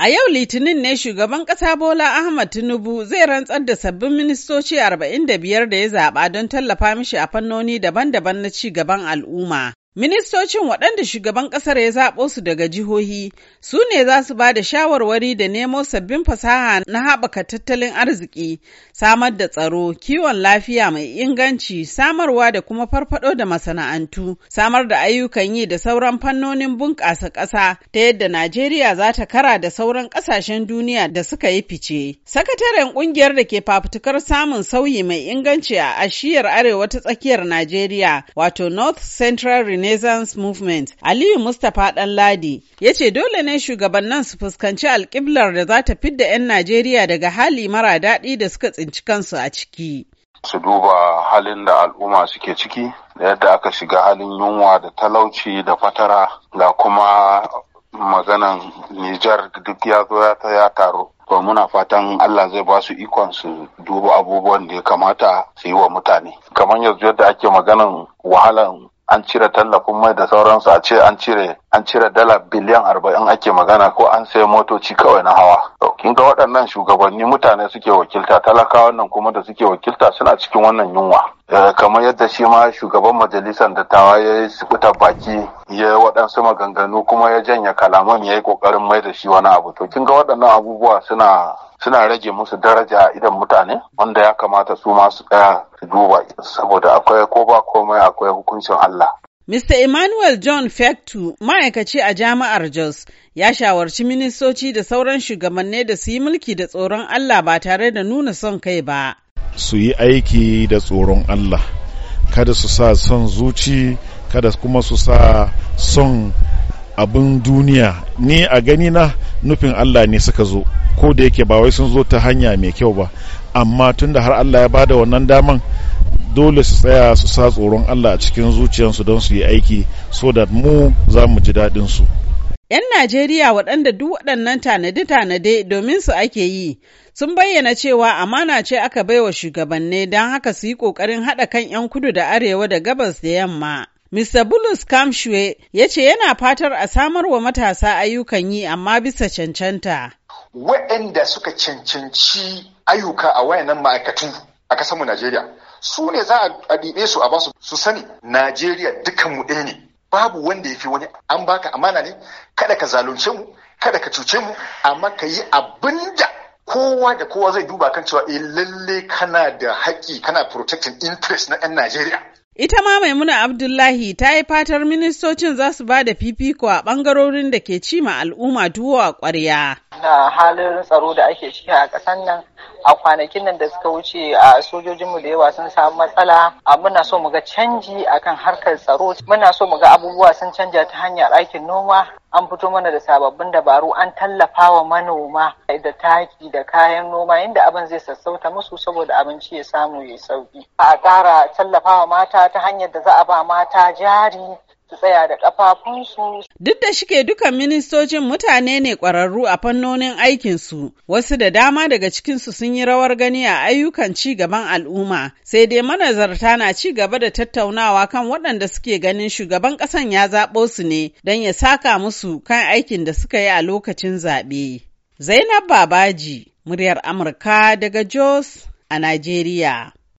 A yau Litinin ne shugaban ƙasa Bola Ahmad Tinubu zai rantsar da sabbin ministoci 45 da ya zaɓa don tallafa mishi a fannoni daban-daban na ci gaban al'umma. Ministocin waɗanda shugaban ƙasar ya zaɓo su daga jihohi su ne za su ba da shawarwari da nemo sabbin fasaha na haɓaka tattalin arziki, samar da tsaro, kiwon lafiya mai inganci, samarwa da kuma farfaɗo da masana'antu, samar da ayyukan yi da sauran fannonin bunƙasa ƙasa ta yadda Najeriya za ta kara da sauran ƙasashen duniya da suka yi fice. Sakataren ƙungiyar da ke fafutukar samun sauyi mai inganci a ashiyar arewa ta tsakiyar Najeriya, wato North Central Renaissance Renaissance Movement, Aliyu Mustapha Ɗanladi, ya ce dole ne shugabannin su fuskanci alƙiblar da za ta fidda 'yan Najeriya daga hali mara daɗi da suka tsinci kansu a ciki. Su duba halin da al'umma suke ciki, da yadda aka shiga halin yunwa da talauci da fatara da kuma maganan Nijar duk ya zo ya taru. to muna fatan Allah zai ba su ikon su duba abubuwan da ya kamata su yi wa mutane kamar yanzu yadda ake maganan wahalan an cire tallafin mai da sauransu a ce an cire an cire dala biliyan arba'in ake magana ko an sai motoci kawai na hawa kin ga waɗannan shugabanni mutane suke wakilta talaka nan kuma da suke wakilta suna cikin wannan yunwa eh, kamar yadda shi ma shugaban majalisar dattawa ya yi sukuta baki ya yi waɗansu maganganu kuma ya janye kalaman ya yi ƙoƙarin mai da shi wani abu to kin ga waɗannan abubuwa suna suna rage musu daraja idan mutane wanda ya kamata su masu ɗaya su duba saboda akwai ko ba komai akwai hukuncin Allah. Mr. Emmanuel John Fectu, ma'aikaci a jami'ar Jos, ya shawarci ministoci da sauran shugabanni da su yi mulki da tsoron Allah ba tare da nuna son kai ba. Su yi aiki da tsoron Allah, kada su sa son zuci, kada kuma su sa son abin duniya. Ni a gani na nufin Allah ne suka zo. ko da yake ba wai sun zo ta hanya mai kyau ba amma tunda har Allah ya bada wannan daman dole su tsaya su sa tsoron Allah a cikin zuciyarsu don su yi aiki so that mu za mu ji daɗin su. 'Yan Najeriya waɗanda duk waɗannan tanade-tanade domin su ake yi sun bayyana cewa amana ce aka baiwa shugabanni don haka su yi ƙoƙarin haɗa kan 'yan kudu da arewa da gabas da yamma. Mr. Bulus Kamshwe ya ce yana fatar a samar wa matasa ayyukan yi amma bisa cancanta. waɗanda suka cancanci ayyuka a wayannan ma'aikatu a mu Najeriya su ne za a su a ba su sani Najeriya dukan mu ɗaya ne babu wanda ya fi wani an baka amana ne kada ka zalunce mu kada ka cuce mu amma ka yi abin da kowa da kowa zai duba kan cewa eh lalle kana da haƙƙi kana protecting interest na 'yan Najeriya Ita ma Maimuna Abdullahi ta yi fatar ministocin za su ba da fifiko a ɓangarorin da ke cima al'umma tuwo a ƙwarya. halin tsaro da ake ciki a ƙasar nan a kwanakin nan da suka wuce a sojojinmu da yawa sun samu matsala a muna so mu ga canji akan harkar tsaro muna so mu ga abubuwa sun canja ta hanyar aikin noma an fito mana da sababbin dabaru an tallafa wa manoma da taki da kayan noma inda abin zai sassauta musu saboda abinci ya samu ya sauki a ƙara tallafa wa mata ta hanyar da za a ba mata jari su tsaya da Duk da shike dukan ministocin mutane ne ƙwararru a fannonin aikinsu, wasu da dama daga cikinsu sun yi rawar gani a ayyukan ci gaban al'umma, sai dai manazarta na ci gaba da tattaunawa kan waɗanda suke ganin shugaban ƙasan ya zaɓo su ne don ya saka musu kan aikin da suka yi a lokacin zaɓe. Zainab Babaji, muryar Amurka daga Jos a Najeriya.